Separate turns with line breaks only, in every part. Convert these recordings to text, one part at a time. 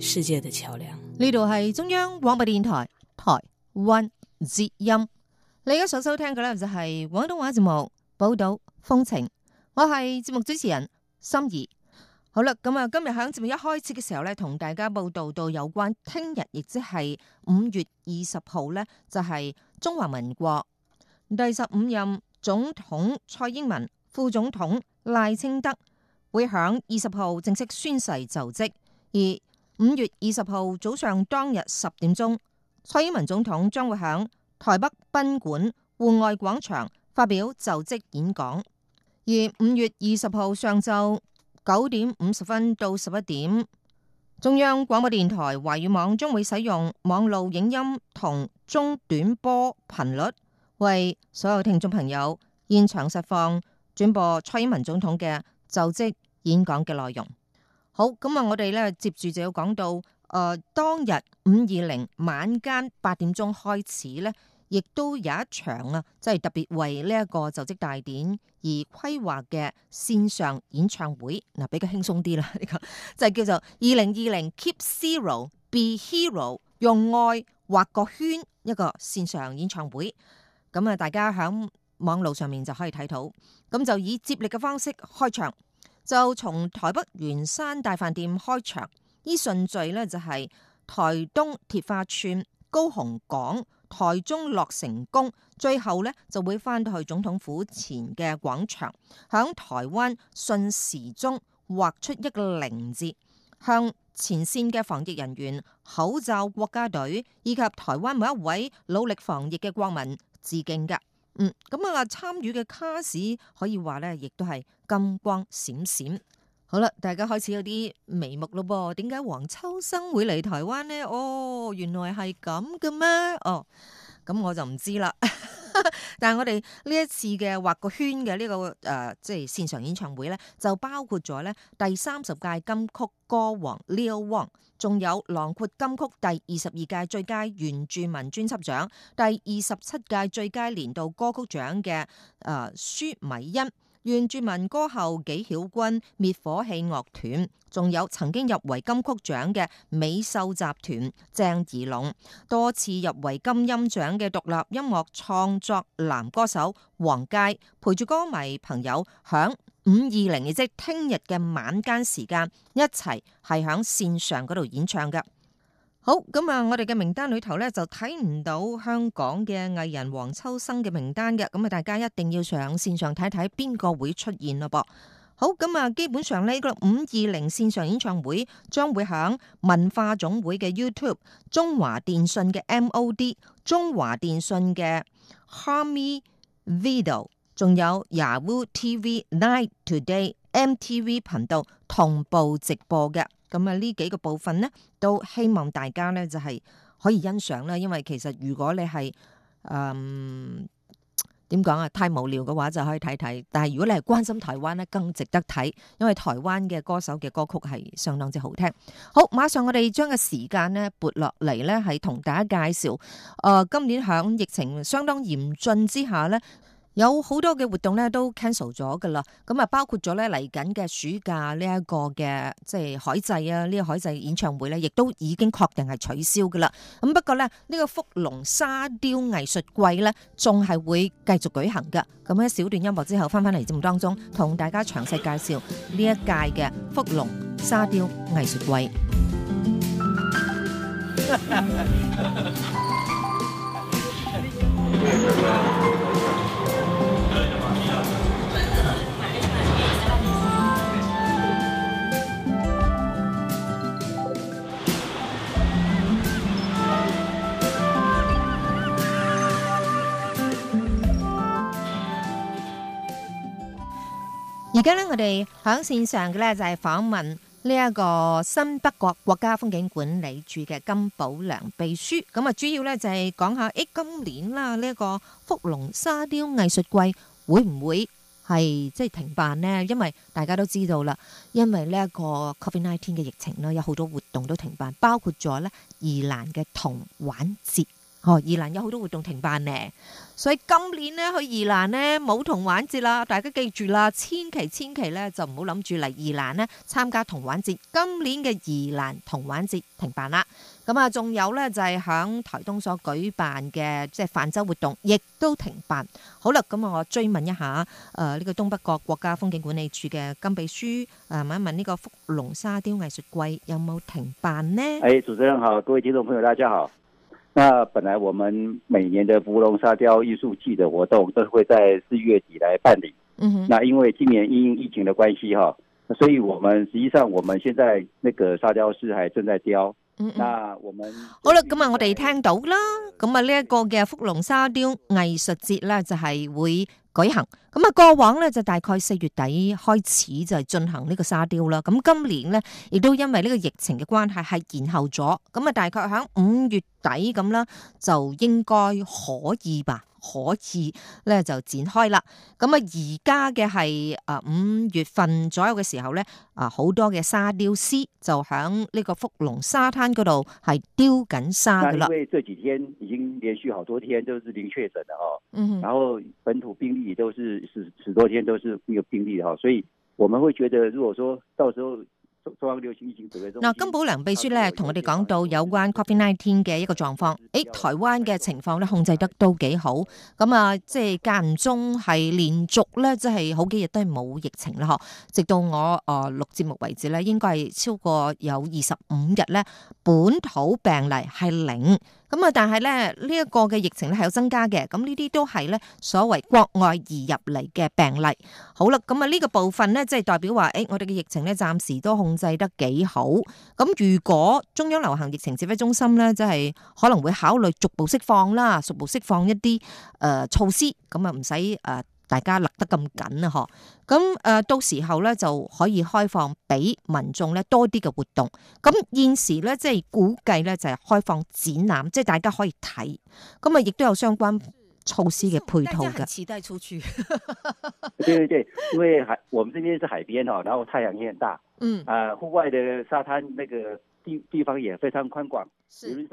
世界的橋樑，呢度係中央廣播電台台灣節音，你而家所收聽嘅咧就係廣東話節目《寶島風情》，我係節目主持人心儀。好啦，咁啊，今日響節目一開始嘅時候咧，同大家報道到有關聽日，亦即係五月二十號呢，就係、是、中華民國第十五任總統蔡英文、副總統賴清德會響二十號正式宣誓就職。而五月二十號早上當日十點鐘，蔡英文總統將會響台北賓館戶外廣場發表就職演講。而五月二十號上晝九點五十分到十一點，中央廣播電台華語網將會使用網路影音同中短波頻率，為所有聽眾朋友現場實況轉播蔡英文總統嘅就職演講嘅內容。好咁啊！我哋咧接住就要講到，誒、呃、當日五二零晚間八點鐘開始咧，亦都有一場啊，即、就、係、是、特別為呢一個就職大典而規劃嘅線上演唱會。嗱、啊，比較輕鬆啲啦，呢、這個就係叫做二零二零 Keep Zero, Be Hero，用愛畫個圈一個線上演唱會。咁、嗯、啊，大家響網路上面就可以睇到，咁就以接力嘅方式開場。就從台北圓山大飯店開場，依順序咧就係台東鐵花村、高雄港、台中樂成宮，最後咧就會返到去總統府前嘅廣場，響台灣順時鐘畫出一個零字，向前線嘅防疫人員、口罩國家隊以及台灣每一位努力防疫嘅國民致敬㗎。嗯，咁啊，參與嘅卡士可以話咧，亦都係金光閃閃。好啦，大家開始有啲眉目咯噃，點解黃秋生會嚟台灣咧？哦，原來係咁嘅咩？哦，咁我就唔知啦。 但係我哋呢一次嘅畫個圈嘅呢、呢個誒、呃，即係線上演唱會咧，就包括咗咧第三十屆金曲歌王 Leo 王，仲有囊括金曲第二十二屆最佳原住民專輯獎、第二十七屆最佳年度歌曲獎嘅誒舒米恩。原住民歌后紀曉君、滅火器樂團，仲有曾經入圍金曲獎嘅美秀集團、鄭宜農，多次入圍金音獎嘅獨立音樂創作男歌手黃玠，陪住歌迷朋友響五二零，20，即係聽日嘅晚間時間一齊係響線上嗰度演唱嘅。好咁啊，我哋嘅名單裏頭咧就睇唔到香港嘅藝人黃秋生嘅名單嘅，咁啊大家一定要上線上睇睇邊個會出現咯噃。好咁啊，基本上呢個五二零線上演唱會將會響文化總會嘅 YouTube、中華電信嘅 MOD、中華電信嘅 Hami Video，仲有 Yahoo TV Night Today MTV 頻道同步直播嘅。咁啊，呢幾個部分呢，都希望大家呢，就係可以欣賞啦。因為其實如果你係嗯點講啊，太無聊嘅話，就可以睇睇。但係如果你係關心台灣呢，更值得睇，因為台灣嘅歌手嘅歌曲係相當之好聽。好，馬上我哋將個時間呢撥落嚟呢，係同大家介紹。誒，今年響疫情相當嚴峻之下呢。有好多嘅活動咧都 cancel 咗噶啦，咁啊包括咗咧嚟緊嘅暑假呢一、這個嘅即係海祭啊，呢、這個海祭演唱會咧亦都已經確定係取消噶啦。咁不過咧呢、這個福隆沙雕藝術季呢，仲係會繼續舉行噶。咁喺小段音樂之後翻翻嚟節目當中，同大家詳細介紹呢一屆嘅福隆沙雕藝術季。 而家咧，我哋響線上嘅咧就係訪問呢一個新北國國家風景管理處嘅金寶良秘書。咁啊，主要咧就係講下誒今年啦，呢一個福隆沙雕藝術季會唔會係即係停辦呢？因為大家都知道啦，因為呢一個 COVID-19 嘅疫情啦，有好多活動都停辦，包括咗呢宜蘭嘅童玩節。哦，宜蘭有好多活動停辦呢，所以今年咧去宜蘭咧冇童玩節啦，大家記住啦，千祈千祈呢就唔好諗住嚟宜蘭咧參加童玩節，今年嘅宜蘭童玩節停辦啦。咁啊，仲有呢，就係響台東所舉辦嘅即係泛舟活動，亦都停辦。好啦，咁我追問一下，誒呢個東北角國家風景管理處嘅金秘書，問一問呢個福隆沙雕藝術季有冇停辦呢？誒，
主持人好，各位聽眾朋友大家好。那本來我們每年的福隆沙雕藝術季的活動都是會在四月底來辦理。嗯哼，那因為今年因疫情的關係哈，所以我們實際上我們現在那個沙雕師還正在雕。嗯，嗯那，那我們
好啦，咁啊，我哋聽到啦，咁啊呢一個嘅福隆沙雕藝，藝術節咧就係會。舉行咁啊，過往咧就大概四月底開始就係進行呢個沙雕啦。咁今年咧，亦都因為呢個疫情嘅關係係延後咗。咁啊，大概喺五月底咁啦，就應該可以吧。可以咧就展開啦，咁啊而家嘅係啊五月份左右嘅時候咧啊，好多嘅沙雕師就喺呢個福隆沙灘嗰度係丟緊沙噶啦。因為
這幾天已經連續好多天都是零確診啦，哦、嗯哼，嗯，然後本土病例都是十十多天，都是一個病例啦，所以我們會覺得如果說到時候。嗱，金寶良
秘書咧同我哋講到有關 COVID-19 嘅一個狀況，誒、哎，台灣嘅情況咧控制得都幾好，咁啊，即係間唔中係連續咧，即、就、係、是、好幾日都係冇疫情啦，嗬，直到我誒錄節目為止咧，應該係超過有二十五日咧，本土病例係零。咁啊，但係咧呢一個嘅疫情咧係有增加嘅，咁呢啲都係咧所謂國外移入嚟嘅病例。好啦，咁啊呢個部分咧即係代表話，誒、哎、我哋嘅疫情咧暫時都控制得幾好。咁如果中央流行疫情指揮中心咧即係可能會考慮逐步釋放啦，逐步釋放一啲誒、呃、措施，咁啊唔使誒。呃大家勒得咁緊啊！嗬，咁誒，到時候咧就可以開放俾民眾咧多啲嘅活動。咁現時咧，即係估計咧就係開放展覽，即係大家可以睇。咁啊，亦都有相關措施嘅配套嘅。持低草柱。 對
對對，因為海，我們這邊是海邊哦，然後太陽也很大。嗯。啊，戶外的沙灘那個。啲地方也非常寬廣，是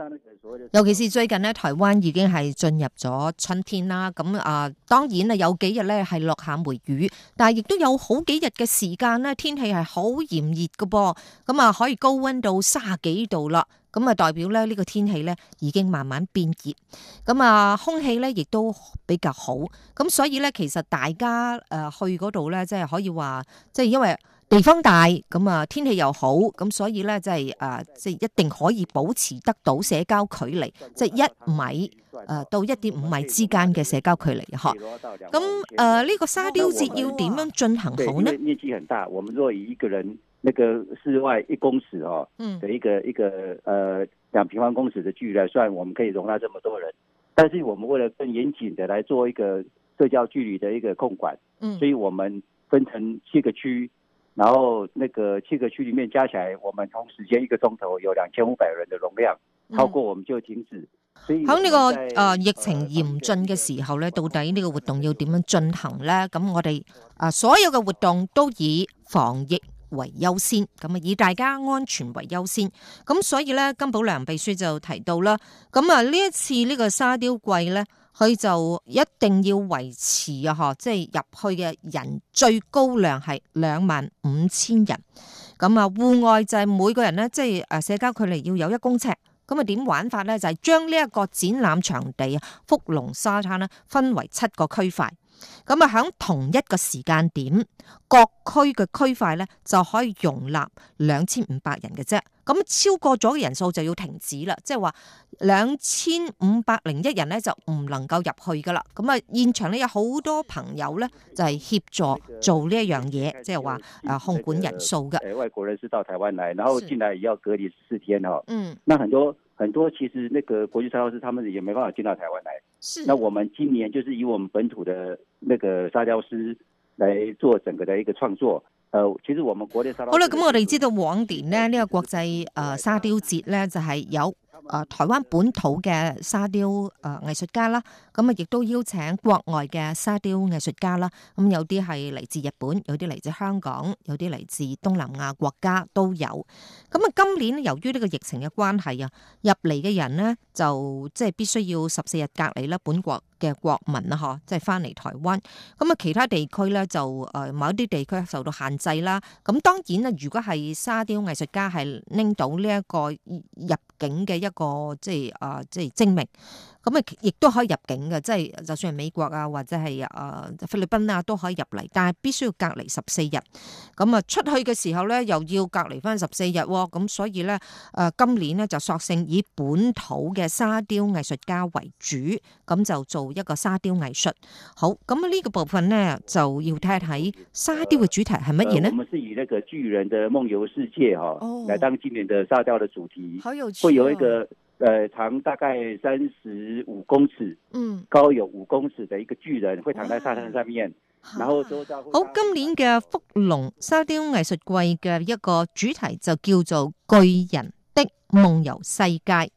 尤其是
最近咧，台灣已經係進入咗春天啦。咁啊、呃，當然啊，有幾日咧係落下梅雨，但係亦都有好幾日嘅時間咧，天氣係好炎熱噶噃。咁啊，可以高溫到卅幾度啦。咁啊，代表咧呢、這個天氣咧已經慢慢變熱。咁啊、呃，空氣咧亦都比較好。咁所以咧，其實大家誒、呃、去嗰度咧，即、就、係、是、可以話，即、就、係、是、因爲。地方大，咁啊，天氣又好，咁所以咧，即係啊，即係一定可以保持得到社交距離，即係一米誒到一點五米之間嘅社交距離。嗬，咁誒呢個沙雕節要點樣進行好呢？
面積很大，我們如果一個人，那個室外一公尺哦，嗯，的一個一個誒兩平方公尺的距離來算，我們可以容納這麼多人。但是我們為了更嚴謹的來做一個社交距離的一個控管，嗯，所以我們分成七個區。然後那個七個區裏面加起來，我們同時間一個鐘頭有兩千五百人的容量，超過我們就停止。所
以喺那、嗯這個啊、呃、疫情嚴峻嘅時候咧，到底呢個活動要點樣進行呢？咁我哋啊、呃、所有嘅活動都以防疫為優先，咁啊以大家安全為優先。咁所以咧，金寶良秘書就提到啦，咁啊呢一次呢個沙雕季咧。佢就一定要維持啊！嗬，即係入去嘅人最高量係兩萬五千人。咁啊，戶外就係每個人咧，即係誒社交距離要有一公尺。咁啊，點玩法咧？就係將呢一個展覽場地啊，福隆沙灘咧，分為七個區塊。咁啊，喺同一個時間點，各區嘅區塊咧就可以容納兩千五百人嘅啫。咁超過咗嘅人數就要停止啦，即係話兩千五百零一人咧就唔能夠入去噶啦。咁啊，現場咧有好多朋友咧就係、是、協助做呢一樣嘢，即係話啊控管人數嘅。
外國人是到台灣嚟，然後進來要隔離十四天哦。嗯是，那很多。很多其實那個國際沙雕師，他們也沒辦法進到台灣來。是的，那我們今年就是以我們本土的那個沙雕師來做整個的一個創作。呃，其實我們國內沙雕好了的，咁、嗯、我
哋知道往年呢呢個國際誒沙雕節呢就係有。誒台灣本土嘅沙雕誒藝術家啦，咁啊亦都邀請國外嘅沙雕藝術家啦，咁有啲係嚟自日本，有啲嚟自香港，有啲嚟自東南亞國家都有。咁啊，今年由於呢個疫情嘅關係啊，入嚟嘅人咧就即係必須要十四日隔離啦，本國。嘅國民啦，嗬，即係翻嚟台灣。咁啊，其他地區咧就誒，某一啲地區受到限制啦。咁當然啦，如果係沙雕藝術家係拎到呢一個入境嘅一個即係誒、啊、即係證明。咁啊，亦都可以入境嘅，即係就算係美國啊，或者係誒菲律賓啊，都可以入嚟，但係必須要隔離十四日。咁啊，出去嘅時候咧，又要隔離翻十四日。咁所以咧，誒，今年咧就索性以本土嘅沙雕藝術家為主，咁就做一個沙雕藝術。好，咁呢個部分咧就要睇睇沙雕嘅主題係乜嘢咧？我們
是以那個巨人的夢遊世界哈，哦哦，來當今年的沙雕的主題，好有趣，會有一個。誒、呃，長大概三十五公尺，
嗯、
高有五公尺嘅一個巨人會躺在沙灘上面，哇然後好。
今年嘅福隆沙雕藝術季嘅一個主題就叫做巨人的夢遊世界。誒、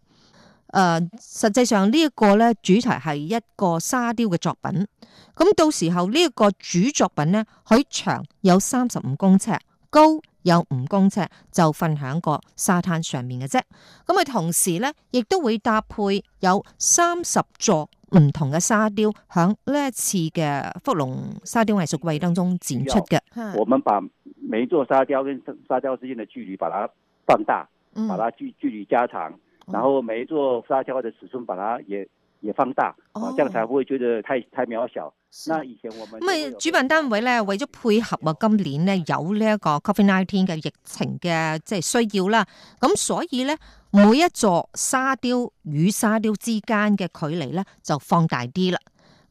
呃，實際上呢一個咧主題係一個沙雕嘅作品。咁到時候呢一個主作品咧，佢長有三十五公尺，高。有五公尺，就瞓響個沙灘上面嘅啫。咁咪同時咧，亦都會搭配有三十座唔同嘅沙雕，響呢一次嘅福隆沙雕藝術季當中展出嘅。我
們把每一座沙雕跟沙雕之間嘅距離，把它放大，把它距距離加長，然後每一座沙雕嘅尺寸，把它也。也放大，哦，這樣才不會覺得太太渺小。那以前我
們咁啊，主辦單位咧為咗配合啊，今年呢，有呢一個 Covid nineteen 嘅疫情嘅即係需要啦，咁所以咧每一座沙雕與沙雕之間嘅距離咧就放大啲啦，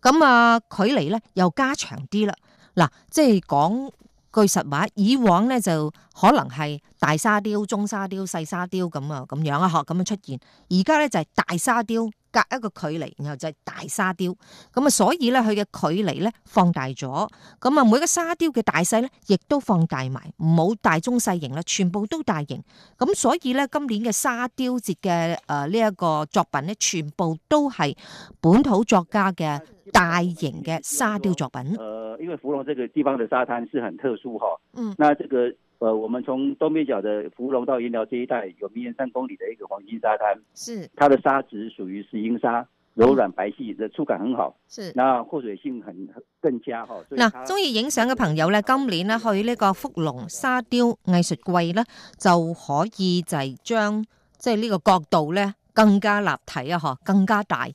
咁啊距離咧又加長啲啦。嗱，即係講句實話，以往咧就可能係大沙雕、中沙雕、細沙雕咁啊咁樣啊嗬，咁樣出現，而家咧就係大沙雕。隔一個距離，然後就係大沙雕咁啊，所以咧佢嘅距離咧放大咗，咁啊每個沙雕嘅大細咧亦都放大埋，冇大中細型啦，全部都大型。咁所以咧今年嘅沙雕節嘅誒呢一個作品咧，全部都係本土作家嘅大型嘅沙雕作品。誒，
因為芙蓉這個地方嘅沙灘是很特殊，嗬，嗯，那這個。呃，我們從東北角的福隆到鹽寮這一帶，有綿延三公里的一個黃金沙灘，是它的沙質屬於石英沙，柔軟白細，的觸感很好，是，那護水性很更加好。嗱，中意
影相嘅朋友呢，今年咧去呢個福隆沙雕藝術季呢，就可以就係將即係呢個角度呢更加立體啊，嗬，更加大。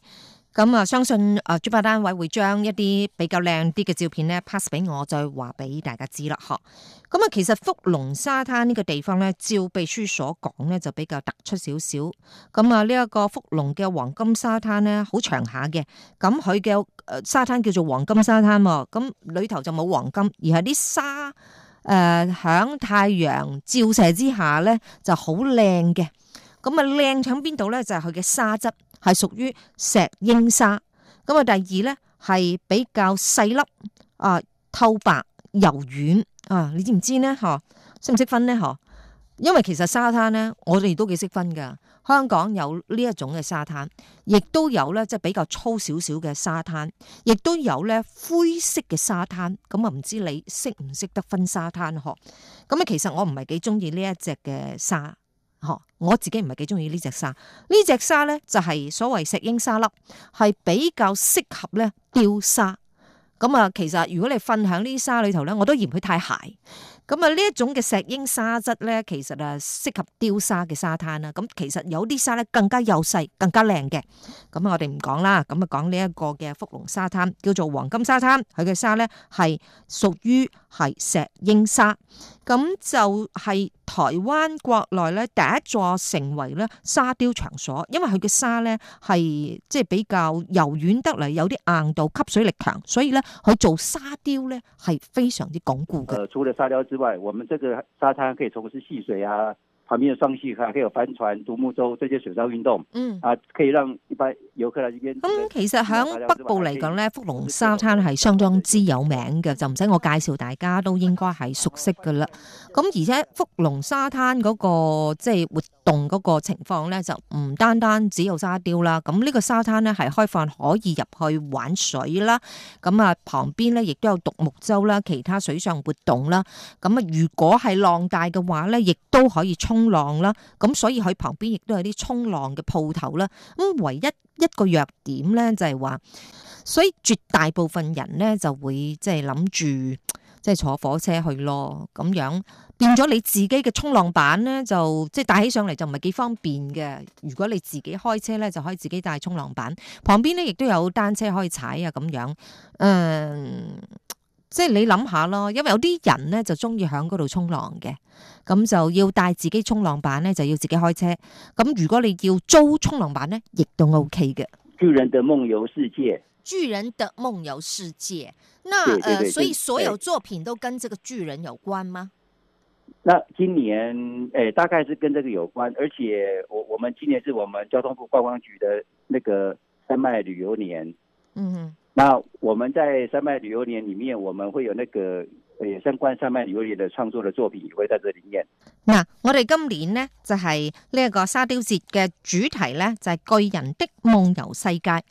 咁啊，相信啊，主辦單位會將一啲比較靚啲嘅照片咧 pass 俾我，再話俾大家知啦。嗬，咁啊，其實福隆沙灘呢個地方咧，照秘書所講咧，就比較突出少少。咁啊，呢一個福隆嘅黃金沙灘咧，好長下嘅。咁佢嘅沙灘叫做黃金沙灘，咁裏頭就冇黃金，而係啲沙誒喺太陽照射之下咧，就好靚嘅。咁啊，靚喺邊度咧？就係佢嘅沙質係屬於石英沙。咁啊，第二咧係比較細粒啊，透、呃、白柔軟啊，你知唔知咧？嗬，識唔識分咧？嗬，因為其實沙灘咧，我哋都幾識分噶。香港有呢一種嘅沙灘，亦都有咧即係比較粗少少嘅沙灘，亦都有咧灰色嘅沙灘。咁、嗯、啊，唔知你識唔識得分沙灘嗬？咁啊，其實我唔係幾中意呢一隻嘅沙。我自己唔係幾中意呢隻沙，呢隻沙咧就係所謂石英沙粒，係比較適合咧吊沙。咁啊，其實如果你瞓喺呢啲沙裏頭咧，我都嫌佢太鞋。咁啊，呢一種嘅石英沙質咧，其實啊，適合雕沙嘅沙灘啦。咁其實有啲沙咧更加幼細，更加靚嘅。咁我哋唔講啦，咁啊講呢一個嘅福隆沙灘，叫做黃金沙灘。佢嘅沙咧係屬於係石英沙，咁就係台灣國內咧第一座成為咧沙雕場所。因為佢嘅沙咧係即係比較柔軟得嚟，有啲硬度，吸水力強，所以咧佢做沙雕咧係非常之鞏固嘅。誒，做
嘅沙雕。之外，我們這個沙灘可以從事戲水啊，旁邊有雙戲，還可有帆船、獨木舟這些水上運動，嗯，啊、嗯，可以讓一般遊客嚟。咁其實響北部
嚟講咧，福隆沙灘係相當之有名嘅，就唔使我介紹，大家都應該係熟悉噶啦。咁而且福隆沙灘嗰、那個即係活洞嗰個情況咧，就唔單單只有沙雕啦。咁、這、呢個沙灘咧係開放可以入去玩水啦。咁啊，旁邊咧亦都有獨木舟啦，其他水上活動啦。咁啊，如果係浪大嘅話咧，亦都可以衝浪啦。咁所以佢旁邊亦都有啲衝浪嘅鋪頭啦。咁唯一一個弱點咧就係、是、話，所以絕大部分人咧就會即係諗住。即係坐火車去咯，咁樣變咗你自己嘅衝浪板咧，就即係帶起上嚟就唔係幾方便嘅。如果你自己開車咧，就可以自己帶衝浪板，旁邊咧亦都有單車可以踩啊，咁樣，嗯，即係你諗下咯。因為有啲人咧就中意喺嗰度衝浪嘅，咁就要帶自己衝浪板咧，就要自己開車。咁如果你要租衝浪板咧，亦都 OK 嘅。巨人的夢遊世界。巨人的夢遊世界，那對對對，呃，對對對，所以所有作品都跟這個巨人有關嗎？
那今年誒、欸，大概是跟這個有關，而且我我們今年是我們交通部觀光局的那個山脈旅遊年，嗯哼，那我們在山脈旅遊年裏面，我們會有那個。相關沙曼旅遊業的創作的作品，會在這裏念。
嗱，我哋今年呢，就係呢一個沙雕節嘅主題呢就係、是、巨人的夢遊世界。誒、哎，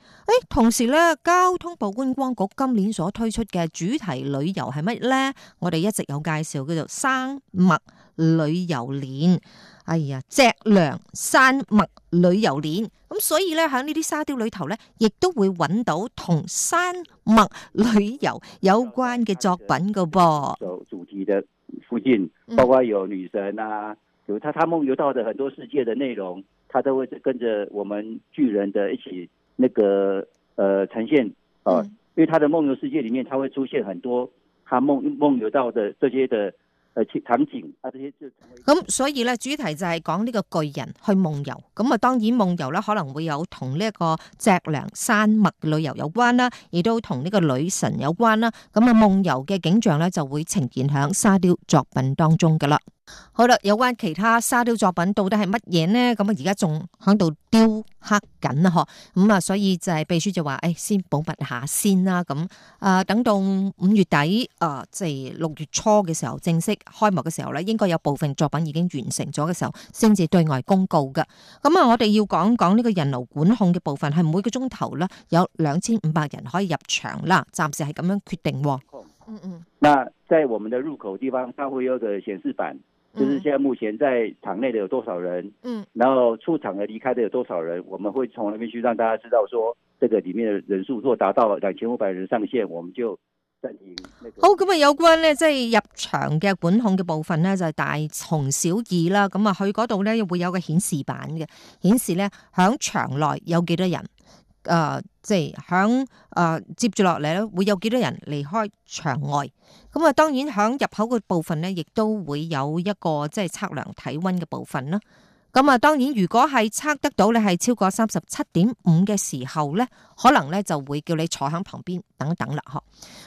同時呢，交通部觀光局今年所推出嘅主題旅遊係乜呢？我哋一直有介紹，叫做生物。旅遊鏈，哎呀，脊樑山脈旅遊鏈，咁所以咧，喺呢啲沙雕裏頭咧，亦都會揾到同山脈旅遊有關嘅作品噶噃。就主
題嘅附近，包括有女神啊，有、嗯、他他夢遊到的很多世界的內容，他都會跟跟着我們巨人的一起那個，呃，呈現啊，因為他的夢遊世界裏面，他會出現很多他，他夢夢遊到的這些的。
咁，所以咧主題就係講呢個巨人去夢遊，咁啊當然夢遊咧可能會有同呢一個脊梁山脈旅遊有關啦，亦都同呢個女神有關啦，咁啊夢遊嘅景象咧就會呈現喺沙雕作品當中噶啦。好啦，有關其他沙雕作品到底係乜嘢呢？咁啊，而家仲喺度雕刻緊啦，嗬咁啊，所以就係秘書就話，誒、哎，先保密下先啦。咁啊，等到五月底啊，即係六月初嘅時候，正式開幕嘅時候咧，應該有部分作品已經完成咗嘅時候，先至對外公告噶。咁啊，我哋要講講呢個人流管控嘅部分，係每個鐘頭咧有兩千五百人可以入場啦，暫時係咁樣決定。嗯嗯，
嗱，在我們的入口地方，它會有個顯示板。嗯、就是現在目前在場內的有多少人？嗯，然後出場嘅離開的有多少人？我們會從那邊去讓大家知道，說這個裏面的人數若達到兩千五百人上限，我們就、那個、
好咁啊。有關咧即係入場嘅管控嘅部分咧，就係、是、大同小異啦。咁啊，去嗰度咧會有個顯示板嘅，顯示咧響場內有幾多人。誒，即係響誒接住落嚟咧，會有幾多人離開場外？咁啊，當然響入口嘅部分咧，亦都會有一個即係測量體温嘅部分啦。咁啊，當然，如果係測得到你係超過三十七點五嘅時候呢，可能呢就會叫你坐喺旁邊等等啦，呵？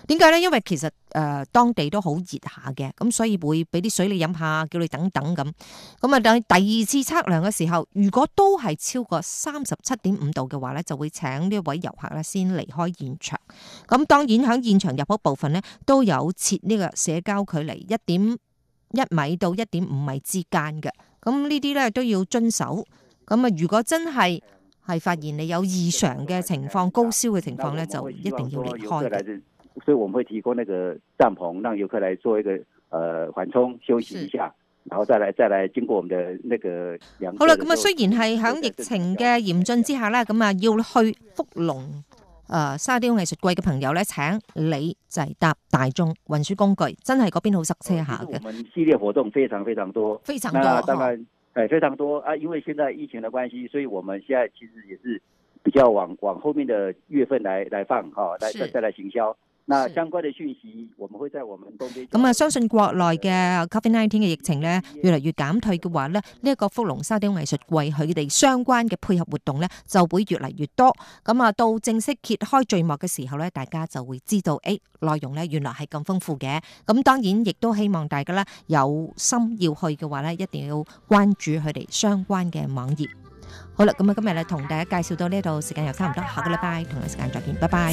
點解呢？因為其實誒、呃、當地都好熱下嘅，咁所以會俾啲水你飲下，叫你等等咁。咁啊，等第二次測量嘅時候，如果都係超過三十七點五度嘅話呢，就會請呢位遊客呢先離開現場。咁當然喺現場入口部分呢，都有設呢個社交距離一點一米到一點五米之間嘅。咁呢啲咧都要遵守。咁啊，如果真係係發現你有異常嘅情況，高燒嘅情況咧，就一定要離開。
所以，我們會提供那個帳篷，讓遊客來做一個呃緩衝休息一下，是然後再來再來經過我們的那個的。好啦，咁啊，雖
然係喺疫情嘅嚴峻之下啦，咁啊的要去福隆。誒、呃，沙雕藝術季嘅朋友呢，請你就係搭大眾運輸工具，真係嗰邊好塞車下嘅。我
們系列活動非常非常多，非常多，當然誒、嗯、非常多啊！因為現在疫情的關係，所以我們現在其實也是比較往往後面的月份來來放，哈，再再來行銷。那相
關嘅訊息，我們會在我們東邊咁啊。相信國內嘅 Covid nineteen 嘅疫情咧，越嚟越減退嘅話咧，呢一個福隆沙雕藝術季佢哋相關嘅配合活動咧，就會越嚟越多。咁啊，到正式揭開序幕嘅時候咧，大家就會知道誒，內容咧原來係咁豐富嘅。咁當然亦都希望大家啦，有心要去嘅話咧，一定要關注佢哋相關嘅網頁。好啦，咁啊，今日咧同大家介紹到呢度，時間又差唔多，下個禮拜同一時間再見，拜拜。